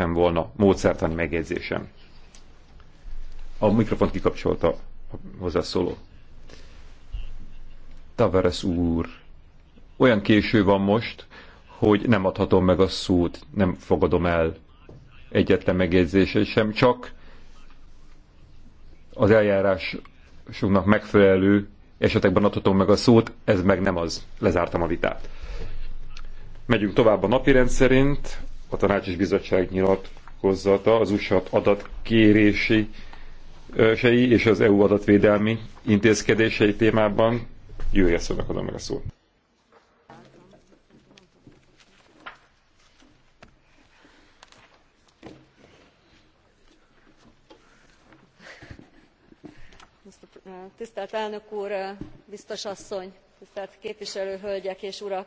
lettem volna módszertani megjegyzésem. A mikrofont kikapcsolta a hozzászóló. Tavares úr, olyan késő van most, hogy nem adhatom meg a szót, nem fogadom el egyetlen megjegyzését sem, csak az eljárásunknak megfelelő esetekben adhatom meg a szót, ez meg nem az. Lezártam a vitát. Megyünk tovább a napi rendszerint a tanácsos bizottság nyilatkozata, az USA adatkérési sei és az EU adatvédelmi intézkedései témában. Júlia szónak adom meg a szót. Tisztelt elnök úr, biztos asszony, tisztelt képviselő hölgyek és urak!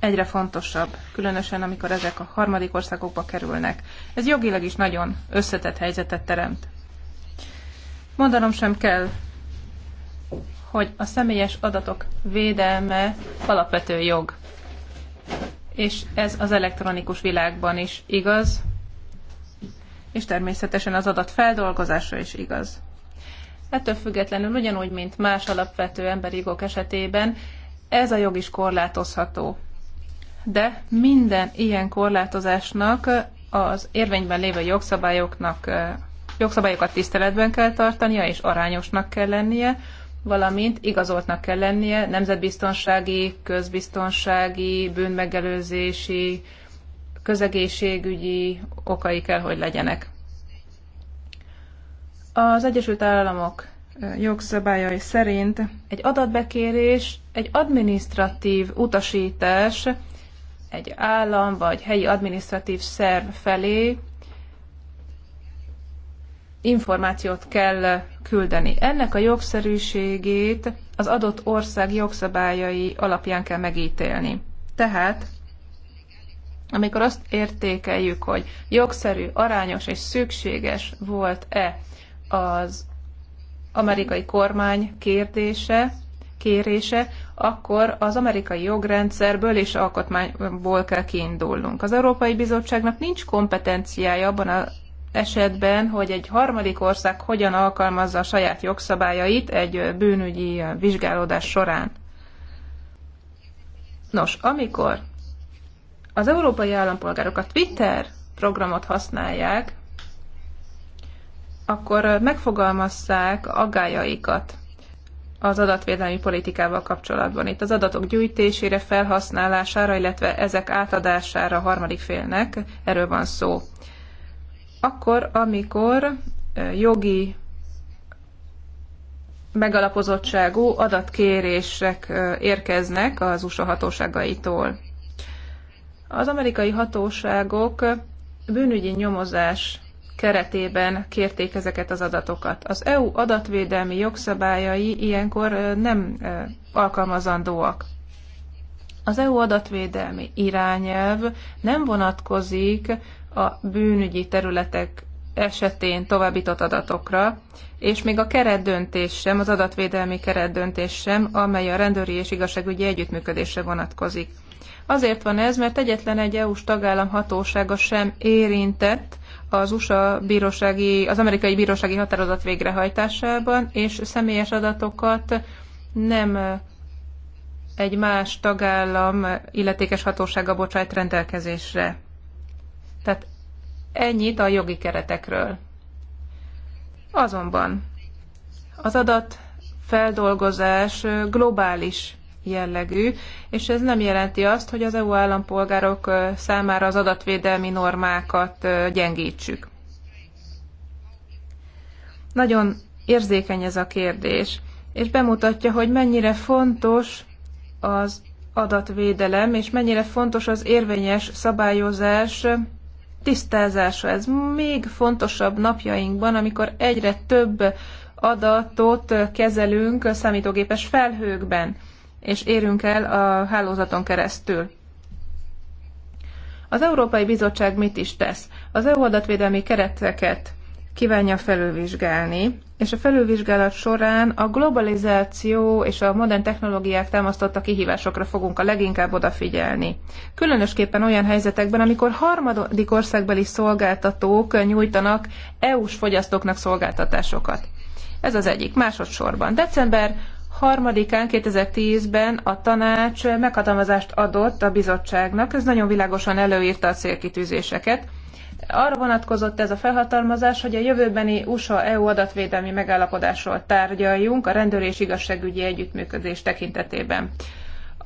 egyre fontosabb, különösen amikor ezek a harmadik országokba kerülnek. Ez jogilag is nagyon összetett helyzetet teremt. Mondanom sem kell, hogy a személyes adatok védelme alapvető jog. És ez az elektronikus világban is igaz, és természetesen az adat feldolgozása is igaz. Ettől függetlenül ugyanúgy, mint más alapvető emberi jogok esetében, ez a jog is korlátozható de minden ilyen korlátozásnak az érvényben lévő jogszabályoknak, jogszabályokat tiszteletben kell tartania, és arányosnak kell lennie, valamint igazoltnak kell lennie nemzetbiztonsági, közbiztonsági, bűnmegelőzési, közegészségügyi okai kell, hogy legyenek. Az Egyesült Államok jogszabályai szerint egy adatbekérés egy adminisztratív utasítás, egy állam vagy helyi adminisztratív szerv felé információt kell küldeni. Ennek a jogszerűségét az adott ország jogszabályai alapján kell megítélni. Tehát, amikor azt értékeljük, hogy jogszerű, arányos és szükséges volt-e az amerikai kormány kérdése, kérése, akkor az amerikai jogrendszerből és alkotmányból kell kiindulnunk. Az Európai Bizottságnak nincs kompetenciája abban az esetben, hogy egy harmadik ország hogyan alkalmazza a saját jogszabályait egy bűnügyi vizsgálódás során. Nos, amikor az európai állampolgárok a Twitter programot használják, akkor megfogalmazzák aggájaikat az adatvédelmi politikával kapcsolatban. Itt az adatok gyűjtésére, felhasználására, illetve ezek átadására a harmadik félnek, erről van szó. Akkor, amikor jogi megalapozottságú adatkérések érkeznek az USA hatóságaitól. Az amerikai hatóságok bűnügyi nyomozás keretében kérték ezeket az adatokat. Az EU adatvédelmi jogszabályai ilyenkor nem alkalmazandóak. Az EU adatvédelmi irányelv nem vonatkozik a bűnügyi területek esetén továbbított adatokra, és még a keretdöntés sem, az adatvédelmi keretdöntés sem, amely a rendőri és igazságügyi együttműködésre vonatkozik. Azért van ez, mert egyetlen egy EU-s tagállam hatósága sem érintett az USA bírósági, az amerikai bírósági határozat végrehajtásában, és személyes adatokat nem egy más tagállam illetékes hatósága bocsájt rendelkezésre. Tehát ennyit a jogi keretekről. Azonban az adat feldolgozás globális jellegű, és ez nem jelenti azt, hogy az EU állampolgárok számára az adatvédelmi normákat gyengítsük. Nagyon érzékeny ez a kérdés, és bemutatja, hogy mennyire fontos az adatvédelem, és mennyire fontos az érvényes szabályozás tisztázása. Ez még fontosabb napjainkban, amikor egyre több adatot kezelünk számítógépes felhőkben és érünk el a hálózaton keresztül. Az Európai Bizottság mit is tesz? Az EU adatvédelmi kereteket kívánja felülvizsgálni, és a felülvizsgálat során a globalizáció és a modern technológiák támasztotta kihívásokra fogunk a leginkább odafigyelni. Különösképpen olyan helyzetekben, amikor harmadik országbeli szolgáltatók nyújtanak EU-s fogyasztóknak szolgáltatásokat. Ez az egyik. Másodszorban. December harmadikán 2010-ben a tanács meghatalmazást adott a bizottságnak, ez nagyon világosan előírta a célkitűzéseket. Arra vonatkozott ez a felhatalmazás, hogy a jövőbeni USA-EU adatvédelmi megállapodásról tárgyaljunk a rendőr és igazságügyi együttműködés tekintetében.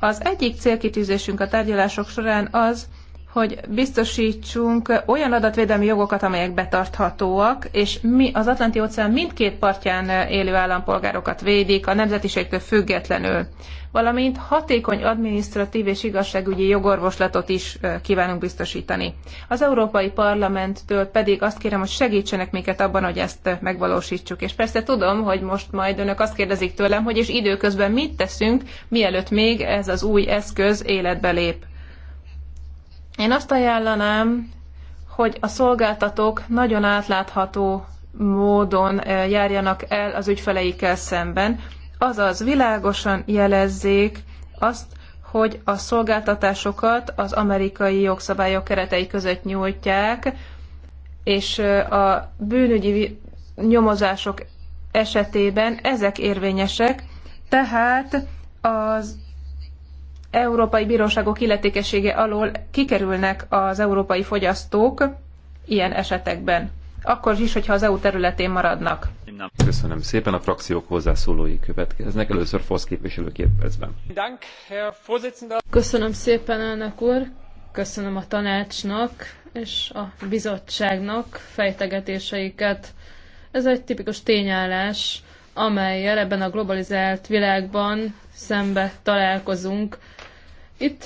Az egyik célkitűzésünk a tárgyalások során az, hogy biztosítsunk olyan adatvédelmi jogokat, amelyek betarthatóak, és mi az Atlanti óceán mindkét partján élő állampolgárokat védik, a nemzetiségtől függetlenül, valamint hatékony adminisztratív és igazságügyi jogorvoslatot is kívánunk biztosítani. Az Európai Parlamenttől pedig azt kérem, hogy segítsenek minket abban, hogy ezt megvalósítsuk. És persze tudom, hogy most majd önök azt kérdezik tőlem, hogy és időközben mit teszünk, mielőtt még ez az új eszköz életbe lép én azt ajánlanám, hogy a szolgáltatók nagyon átlátható módon eh, járjanak el az ügyfeleikkel szemben, azaz világosan jelezzék azt, hogy a szolgáltatásokat az amerikai jogszabályok keretei között nyújtják, és eh, a bűnügyi nyomozások esetében ezek érvényesek, tehát az európai bíróságok illetékessége alól kikerülnek az európai fogyasztók ilyen esetekben. Akkor is, hogyha az EU területén maradnak. Köszönöm szépen, a frakciók hozzászólói következnek. Először FOSZ képviselő két percben. Köszönöm szépen, elnök úr. Köszönöm a tanácsnak és a bizottságnak fejtegetéseiket. Ez egy tipikus tényállás, amelyel ebben a globalizált világban szembe találkozunk, itt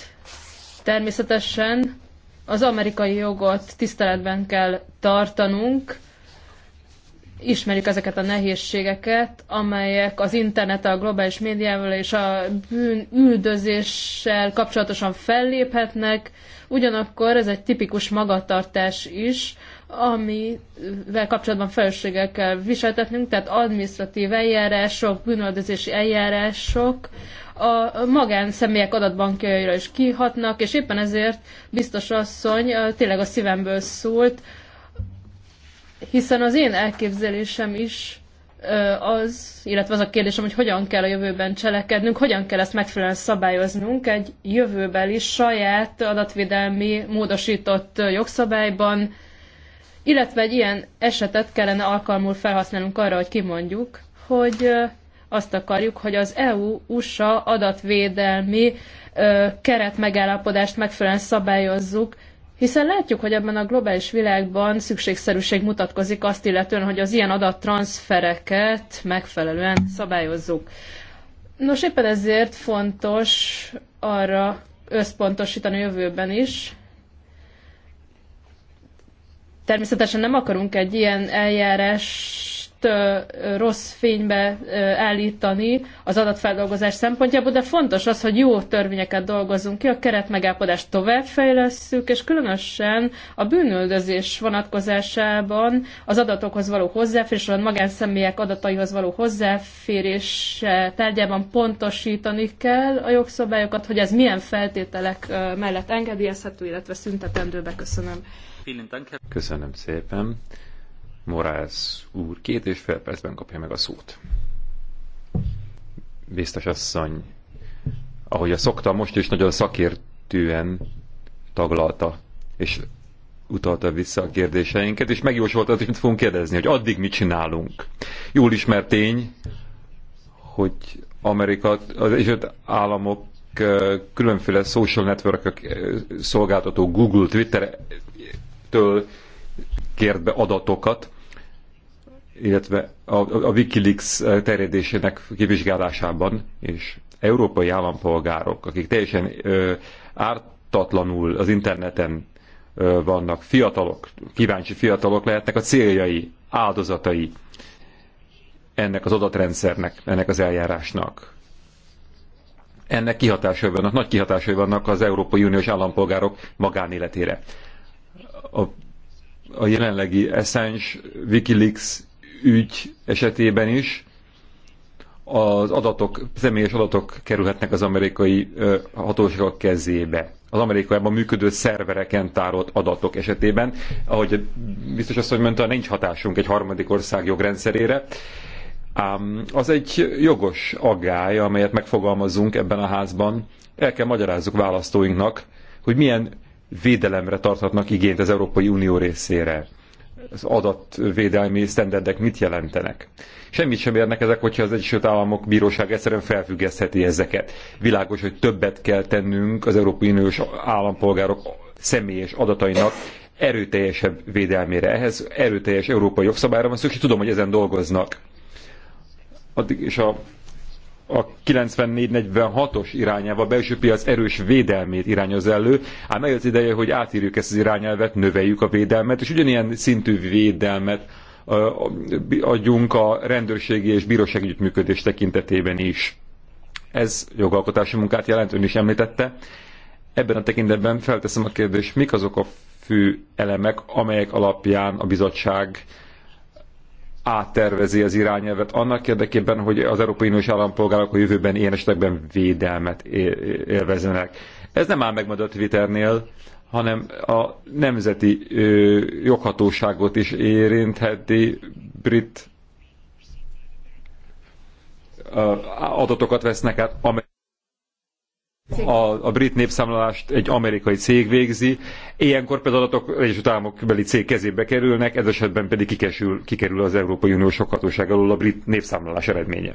természetesen az amerikai jogot tiszteletben kell tartanunk, ismerik ezeket a nehézségeket, amelyek az internet, a globális médiával és a bűnüldözéssel kapcsolatosan felléphetnek, ugyanakkor ez egy tipikus magatartás is, amivel kapcsolatban felelősséggel kell viseltetnünk, tehát administratív eljárások, bűnöldözési eljárások, a magánszemélyek adatbankjaira is kihatnak, és éppen ezért biztos asszony tényleg a szívemből szólt, hiszen az én elképzelésem is az, illetve az a kérdésem, hogy hogyan kell a jövőben cselekednünk, hogyan kell ezt megfelelően szabályoznunk egy jövőbeli saját adatvédelmi módosított jogszabályban, illetve egy ilyen esetet kellene alkalmul felhasználnunk arra, hogy kimondjuk, hogy azt akarjuk, hogy az EU-USA adatvédelmi keretmegállapodást megfelelően szabályozzuk, hiszen látjuk, hogy ebben a globális világban szükségszerűség mutatkozik azt illetően, hogy az ilyen adattranszfereket megfelelően szabályozzuk. Nos, éppen ezért fontos arra összpontosítani a jövőben is, Természetesen nem akarunk egy ilyen eljárás ezt rossz fénybe állítani az adatfeldolgozás szempontjából, de fontos az, hogy jó törvényeket dolgozunk ki, a keretmegállapodást továbbfejlesszük, és különösen a bűnöldözés vonatkozásában az adatokhoz való hozzáférés, a magánszemélyek adataihoz való hozzáférés tárgyában pontosítani kell a jogszabályokat, hogy ez milyen feltételek mellett engedélyezhető, illetve szüntetendőbe. Köszönöm. Köszönöm szépen. Morász úr két és fél percben kapja meg a szót. Biztos asszony, ahogy a szokta most is nagyon szakértően taglalta, és utalta vissza a kérdéseinket, és megjósolta, hogy mit fogunk kérdezni, hogy addig mit csinálunk. Jól ismert tény, hogy Amerika, az az Államok különféle social network szolgáltató Google, Twitter-től kért be adatokat, illetve a, a Wikileaks eh, terjedésének kivizsgálásában, és európai állampolgárok, akik teljesen ö, ártatlanul az interneten ö, vannak, fiatalok, kíváncsi fiatalok lehetnek a céljai, áldozatai ennek az adatrendszernek, ennek az eljárásnak. Ennek kihatásai vannak, nagy kihatásai vannak az Európai Uniós állampolgárok magánéletére. A, a jelenlegi Assange, Wikileaks ügy esetében is az adatok, személyes adatok kerülhetnek az amerikai hatóságok kezébe. Az Amerikában működő szervereken tárolt adatok esetében, ahogy biztos azt, hogy mondta, nincs hatásunk egy harmadik ország jogrendszerére, ám az egy jogos aggály, amelyet megfogalmazunk ebben a házban. El kell magyarázzuk választóinknak, hogy milyen védelemre tarthatnak igényt az Európai Unió részére az adatvédelmi sztenderdek mit jelentenek. Semmit sem érnek ezek, hogyha az Egyesült Államok Bíróság egyszerűen felfüggesztheti ezeket. Világos, hogy többet kell tennünk az Európai Uniós állampolgárok személyes adatainak erőteljesebb védelmére. Ehhez erőteljes európai jogszabályra van szükség, tudom, hogy ezen dolgoznak. Addig, és a a 94-46-os irányelv a belső piac erős védelmét irányoz elő, ám eljött ideje, hogy átírjuk ezt az irányelvet, növeljük a védelmet, és ugyanilyen szintű védelmet adjunk a rendőrségi és bíróság együttműködés tekintetében is. Ez jogalkotási munkát jelent, ön is említette. Ebben a tekintetben felteszem a kérdést, mik azok a fő elemek, amelyek alapján a bizottság áttervezi az irányelvet annak érdekében, hogy az Európai Uniós állampolgárok a jövőben ilyen esetekben védelmet élvezenek. Ez nem áll meg majd a Twitternél, hanem a nemzeti ö, joghatóságot is érintheti brit ö, adatokat vesznek át, amely a, a brit népszámlálást egy amerikai cég végzi. Ilyenkor például adatok Egyesült Államok beli cég kezébe kerülnek, ez esetben pedig kikesül, kikerül az Európai Unió sokhatóság alól a brit népszámlálás eredménye.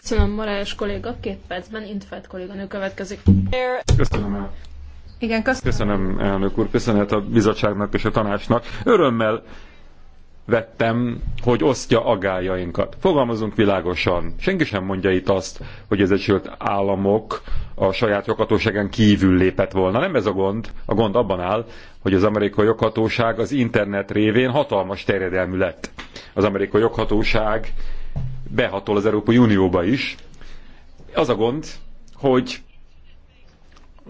Köszönöm, Morales kolléga, két percben Intfeld kolléganő következik. Köszönöm. Igen, köszönöm. köszönöm, elnök úr, köszönet a bizottságnak és a tanácsnak. Örömmel vettem, hogy osztja agályainkat. Fogalmazunk világosan. Senki sem mondja itt azt, hogy az Egyesült Államok a saját joghatóságán kívül lépett volna. Nem ez a gond. A gond abban áll, hogy az amerikai joghatóság az internet révén hatalmas terjedelmű lett. Az amerikai joghatóság behatol az Európai Unióba is. Az a gond, hogy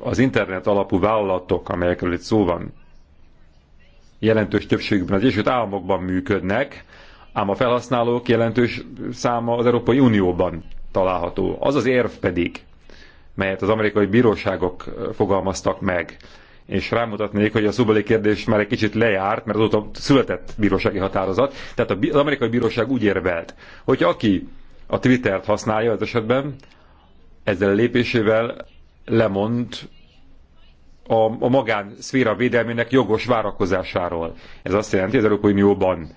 az internet alapú vállalatok, amelyekről itt szó van, jelentős többségükben az Egyesült Államokban működnek, ám a felhasználók jelentős száma az Európai Unióban található. Az az érv pedig, melyet az amerikai bíróságok fogalmaztak meg, és rámutatnék, hogy a szubali kérdés már egy kicsit lejárt, mert azóta született bírósági határozat. Tehát az amerikai bíróság úgy érvelt, hogy aki a Twittert használja az esetben, ezzel a lépésével lemond a, a magán szféra védelmének jogos várakozásáról. Ez azt jelenti, hogy az Európai Unióban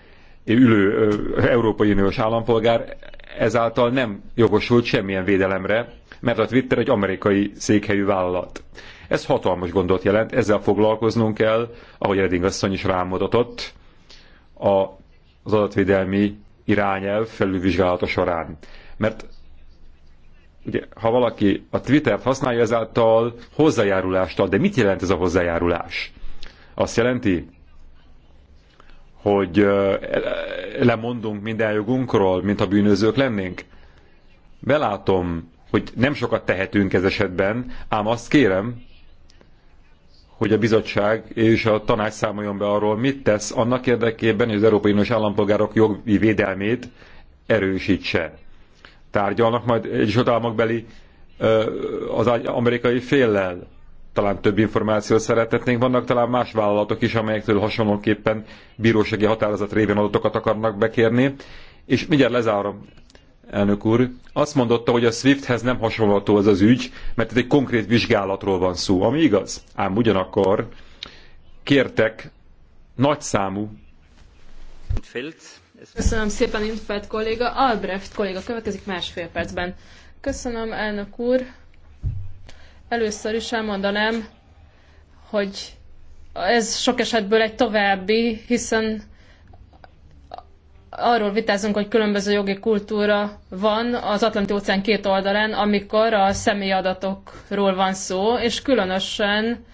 ülő Európai Uniós állampolgár ezáltal nem jogosult semmilyen védelemre, mert a Twitter egy amerikai székhelyű vállalat. Ez hatalmas gondot jelent, ezzel foglalkoznunk kell, ahogy Reding asszony is rámutatott, az adatvédelmi irányelv felülvizsgálata során. Mert ugye, ha valaki a Twittert használja, ezáltal hozzájárulást ad. De mit jelent ez a hozzájárulás? Azt jelenti, hogy lemondunk minden jogunkról, mint a bűnözők lennénk? Belátom, hogy nem sokat tehetünk ez esetben, ám azt kérem, hogy a bizottság és a tanács számoljon be arról, mit tesz annak érdekében, hogy az Európai Uniós állampolgárok jogi védelmét erősítse tárgyalnak majd Egyesült beli az amerikai féllel. Talán több információt szeretetnénk. Vannak talán más vállalatok is, amelyektől hasonlóképpen bírósági határozat révén adatokat akarnak bekérni. És mindjárt lezárom, elnök úr. Azt mondotta, hogy a SWIFT-hez nem hasonlható ez az ügy, mert itt egy konkrét vizsgálatról van szó, ami igaz. Ám ugyanakkor kértek nagyszámú Felt Köszönöm szépen, Infeld kolléga. Albrecht kolléga következik másfél percben. Köszönöm, elnök úr. Először is elmondanám, hogy ez sok esetből egy további, hiszen arról vitázunk, hogy különböző jogi kultúra van az Atlanti-óceán két oldalán, amikor a személyi adatokról van szó, és különösen,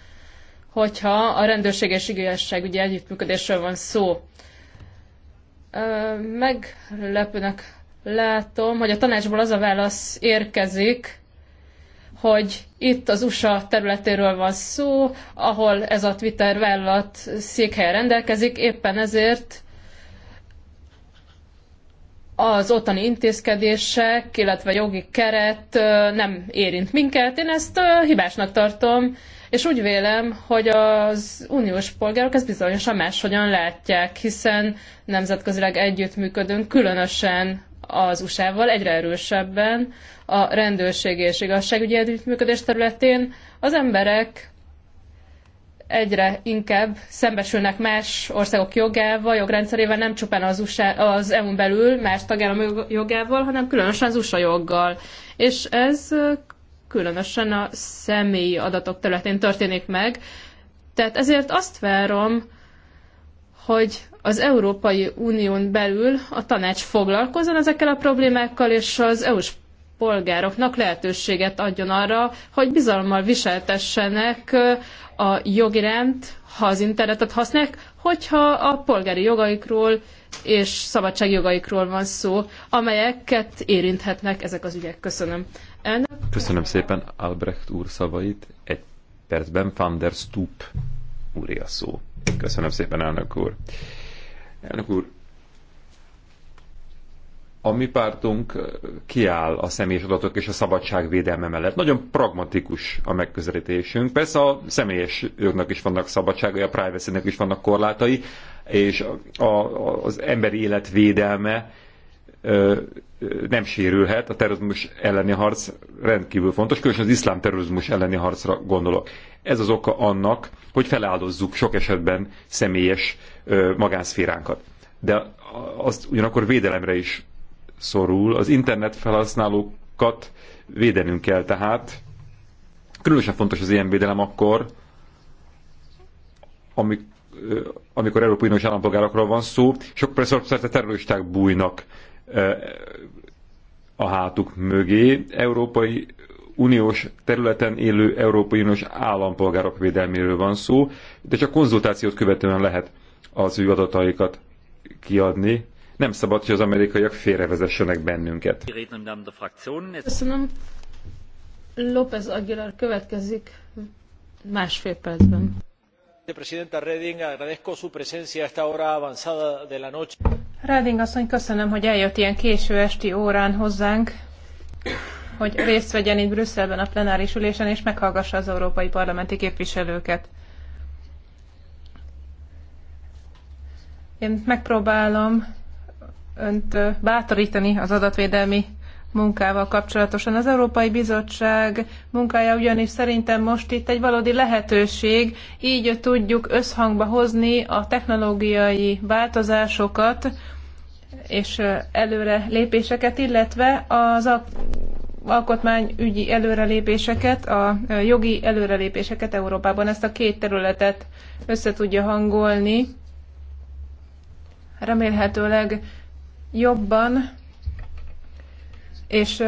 hogyha a rendőrség és igazságügyi együttműködésről van szó. Meglepőnek látom, hogy a tanácsból az a válasz érkezik, hogy itt az USA területéről van szó, ahol ez a Twitter vállalat székhelye rendelkezik, éppen ezért az ottani intézkedések, illetve jogi keret nem érint minket. Én ezt hibásnak tartom, és úgy vélem, hogy az uniós polgárok ezt bizonyosan máshogyan látják, hiszen nemzetközileg együttműködünk, különösen az USA-val egyre erősebben a rendőrség és igazságügyi együttműködés területén. Az emberek egyre inkább szembesülnek más országok jogával, jogrendszerével, nem csupán az, USA, az EU-n belül más tagállamok jogával, hanem különösen az USA joggal. És ez különösen a személyi adatok területén történik meg. Tehát ezért azt várom, hogy az Európai Unión belül a tanács foglalkozzon ezekkel a problémákkal, és az EU-s polgároknak lehetőséget adjon arra, hogy bizalommal viseltessenek a jogiránt, ha az internetet használják, hogyha a polgári jogaikról és szabadságjogaikról van szó, amelyeket érinthetnek ezek az ügyek. Köszönöm. Elnök. Köszönöm szépen Albrecht úr szavait. Egy percben Van der Stoop úr a szó. Köszönöm szépen, elnök úr. Elnök úr, a mi pártunk kiáll a személyes adatok és a szabadság védelme mellett. Nagyon pragmatikus a megközelítésünk. Persze a személyes jognak is vannak szabadságai, a privacy-nek is vannak korlátai, és a, a, az emberi élet védelme nem sérülhet, a terrorizmus elleni harc rendkívül fontos, különösen az iszlám terrorizmus elleni harcra gondolok. Ez az oka annak, hogy feláldozzuk sok esetben személyes magánszféránkat. De azt ugyanakkor védelemre is szorul. Az internet felhasználókat védenünk kell tehát. Különösen fontos az ilyen védelem akkor, amikor Európai Uniós állampolgárokról van szó, sok persze terroristák bújnak a hátuk mögé Európai Uniós területen élő Európai Uniós állampolgárok védelméről van szó, de csak konzultációt követően lehet az ő adataikat kiadni. Nem szabad, hogy az amerikaiak félrevezessenek bennünket. Köszönöm. López Aguilar következik másfél percben. Presidenta Reding, agradezco su presencia a esta hora avanzada de la noche. Ráding asszony, köszönöm, hogy eljött ilyen késő esti órán hozzánk, hogy részt vegyen itt Brüsszelben a plenáris ülésen, és meghallgassa az európai parlamenti képviselőket. Én megpróbálom önt bátorítani az adatvédelmi munkával kapcsolatosan. Az Európai Bizottság munkája ugyanis szerintem most itt egy valódi lehetőség, így tudjuk összhangba hozni a technológiai változásokat és előre lépéseket, illetve az alkotmányügyi előrelépéseket, a jogi előrelépéseket Európában. Ezt a két területet össze tudja hangolni. Remélhetőleg jobban és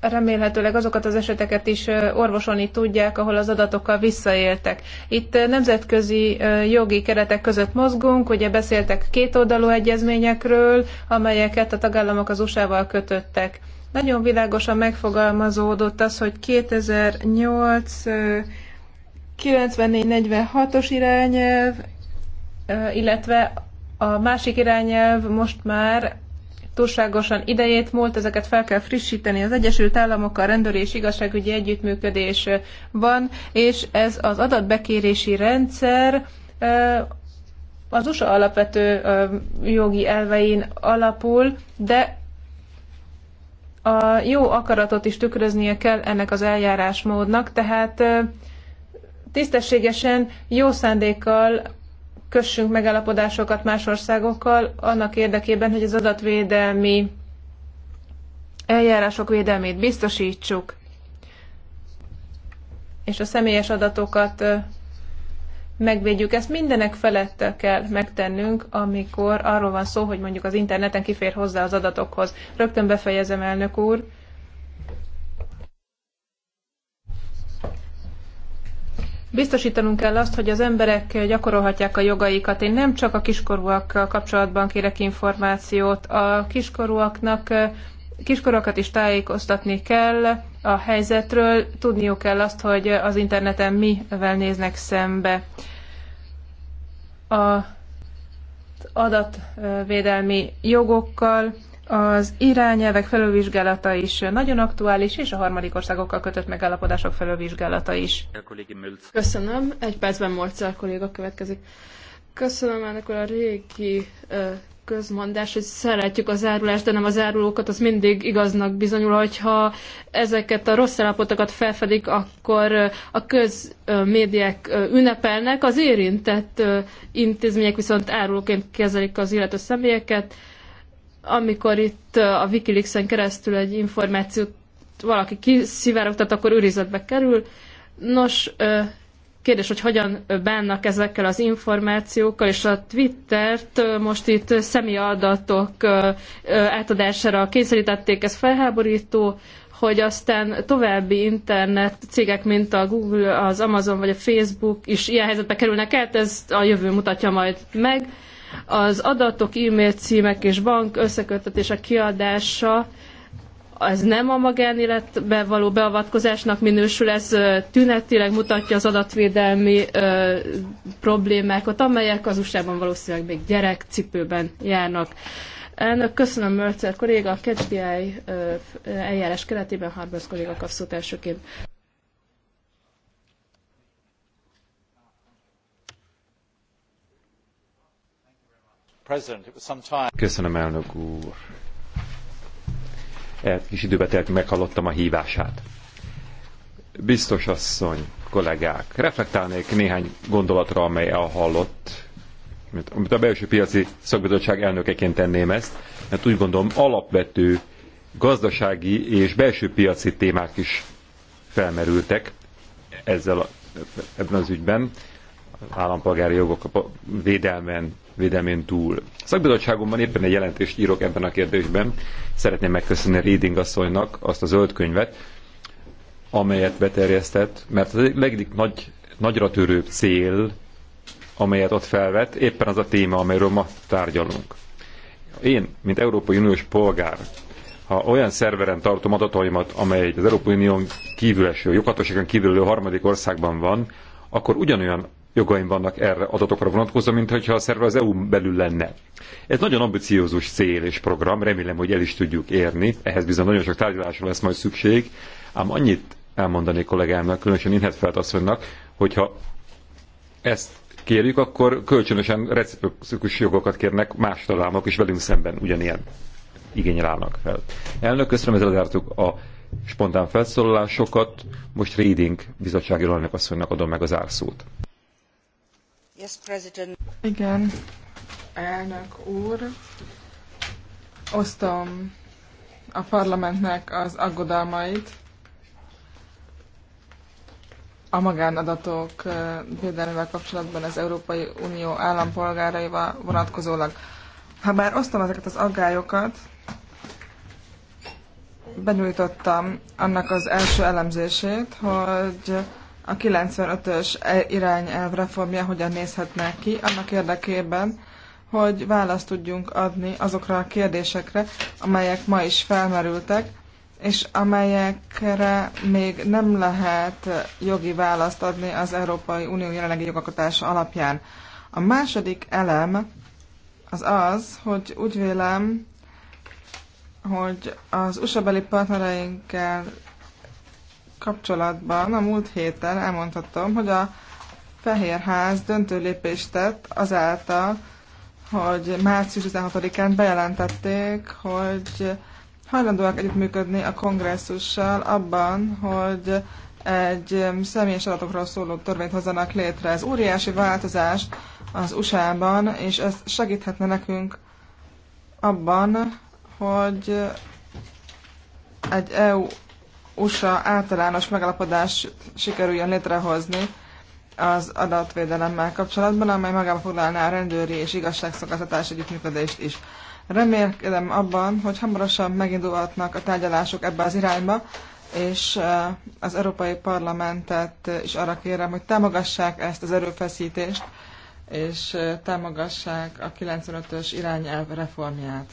remélhetőleg azokat az eseteket is orvosolni tudják, ahol az adatokkal visszaéltek. Itt nemzetközi jogi keretek között mozgunk, ugye beszéltek kétoldalú egyezményekről, amelyeket a tagállamok az USA-val kötöttek. Nagyon világosan megfogalmazódott az, hogy 2008 94-46-os irányelv, illetve a másik irányelv most már túlságosan idejét múlt, ezeket fel kell frissíteni. Az Egyesült Államokkal rendőri és igazságügyi együttműködés van, és ez az adatbekérési rendszer az USA alapvető jogi elvein alapul, de a jó akaratot is tükröznie kell ennek az eljárásmódnak, tehát tisztességesen, jó szándékkal kössünk megállapodásokat más országokkal annak érdekében, hogy az adatvédelmi eljárások védelmét biztosítsuk, és a személyes adatokat megvédjük. Ezt mindenek felett kell megtennünk, amikor arról van szó, hogy mondjuk az interneten kifér hozzá az adatokhoz. Rögtön befejezem, elnök úr. Biztosítanunk kell azt, hogy az emberek gyakorolhatják a jogaikat. Én nem csak a kiskorúakkal kapcsolatban kérek információt, a kiskorúaknak kiskorúakat is tájékoztatni kell a helyzetről, tudniuk kell azt, hogy az interneten mivel néznek szembe. A adatvédelmi jogokkal, az irányelvek felülvizsgálata is nagyon aktuális, és a harmadik országokkal kötött megállapodások felülvizsgálata is. Köszönöm. Egy percben Morcel kolléga következik. Köszönöm ennek a régi közmondás, hogy szeretjük az árulást, de nem az árulókat, az mindig igaznak bizonyul, hogyha ezeket a rossz állapotokat felfedik, akkor a közmédiák ünnepelnek, az érintett intézmények viszont árulóként kezelik az illető személyeket amikor itt a Wikileaks-en keresztül egy információt valaki kiszivárogtat, akkor őrizetbe kerül. Nos, kérdés, hogy hogyan bánnak ezekkel az információkkal, és a Twittert most itt személyadatok átadására kényszerítették, ez felháborító, hogy aztán további internet cégek, mint a Google, az Amazon vagy a Facebook is ilyen helyzetbe kerülnek át, ez a jövő mutatja majd meg az adatok, e-mail címek és bank összeköttetések kiadása ez nem a magánéletbe való beavatkozásnak minősül, ez tünetileg mutatja az adatvédelmi ö, problémákat, amelyek az USA-ban valószínűleg még gyerekcipőben járnak. Elnök, köszönöm Mörcer kolléga, a KDI eljárás keretében Harbers kolléga kapszott elsőként. Köszönöm, elnök úr. Egy kis időbe telt, meghallottam a hívását. Biztos asszony, kollégák, reflektálnék néhány gondolatra, amely elhallott, amit a belső piaci szakbizottság elnökeként tenném ezt, mert úgy gondolom alapvető gazdasági és belső piaci témák is felmerültek ezzel a, ebben az ügyben, állampolgári jogok védelmen, védelmén túl. A szakbizottságomban éppen egy jelentést írok ebben a kérdésben. Szeretném megköszönni Reading asszonynak azt a zöld könyvet, amelyet beterjesztett, mert az egyik nagy, nagyra törő cél, amelyet ott felvet, éppen az a téma, amelyről ma tárgyalunk. Én, mint Európai Uniós polgár, ha olyan szerveren tartom adataimat, amely az Európai Unión kívül eső, kívülő harmadik országban van, akkor ugyanolyan jogaim vannak erre adatokra vonatkozóan, mint hogyha a szerve az EU-n belül lenne. Ez nagyon ambiciózus cél és program, remélem, hogy el is tudjuk érni, ehhez bizony nagyon sok tárgyalásra lesz majd szükség, ám annyit elmondani kollégámnak, különösen Inhet Feltasszonynak, hogyha ezt kérjük, akkor kölcsönösen reciprokus jogokat kérnek más találmak is velünk szemben ugyanilyen igényel állnak fel. Elnök, köszönöm, ezzel zártuk a spontán felszólalásokat. Most Reading bizottsági alelnök asszonynak adom meg az árszót. Yes, President. Igen, elnök úr. Osztom a parlamentnek az aggodalmait a magánadatok védelmével kapcsolatban az Európai Unió állampolgáraival vonatkozólag. Habár osztom ezeket az aggályokat, benyújtottam annak az első elemzését, hogy a 95-ös irányelv reformja hogyan nézhetne ki, annak érdekében, hogy választ tudjunk adni azokra a kérdésekre, amelyek ma is felmerültek, és amelyekre még nem lehet jogi választ adni az Európai Unió jelenlegi jogalkotása alapján. A második elem az az, hogy úgy vélem, hogy az USA-beli partnereinkkel kapcsolatban a múlt héten elmondhatom, hogy a Fehérház döntő lépést tett azáltal, hogy március 16-án bejelentették, hogy hajlandóak együttműködni a kongresszussal abban, hogy egy személyes adatokról szóló törvényt hozzanak létre. Ez óriási változás az USA-ban, és ez segíthetne nekünk abban, hogy egy EU USA általános megalapodás sikerüljön létrehozni az adatvédelemmel kapcsolatban, amely magába foglalná a rendőri és igazságszolgáltatás együttműködést is. Remélkedem abban, hogy hamarosan megindulhatnak a tárgyalások ebbe az irányba, és az Európai Parlamentet is arra kérem, hogy támogassák ezt az erőfeszítést, és támogassák a 95-ös irányelv reformját.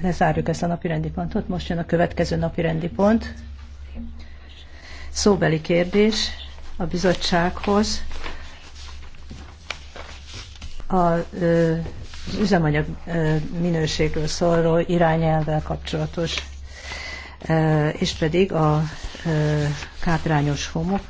lezárjuk ezt a napirendi pontot. Most jön a következő napirendi pont. Szóbeli kérdés a bizottsághoz. A ö, az üzemanyag ö, minőségről szóló irányelvvel kapcsolatos, ö, és pedig a ö, káprányos homok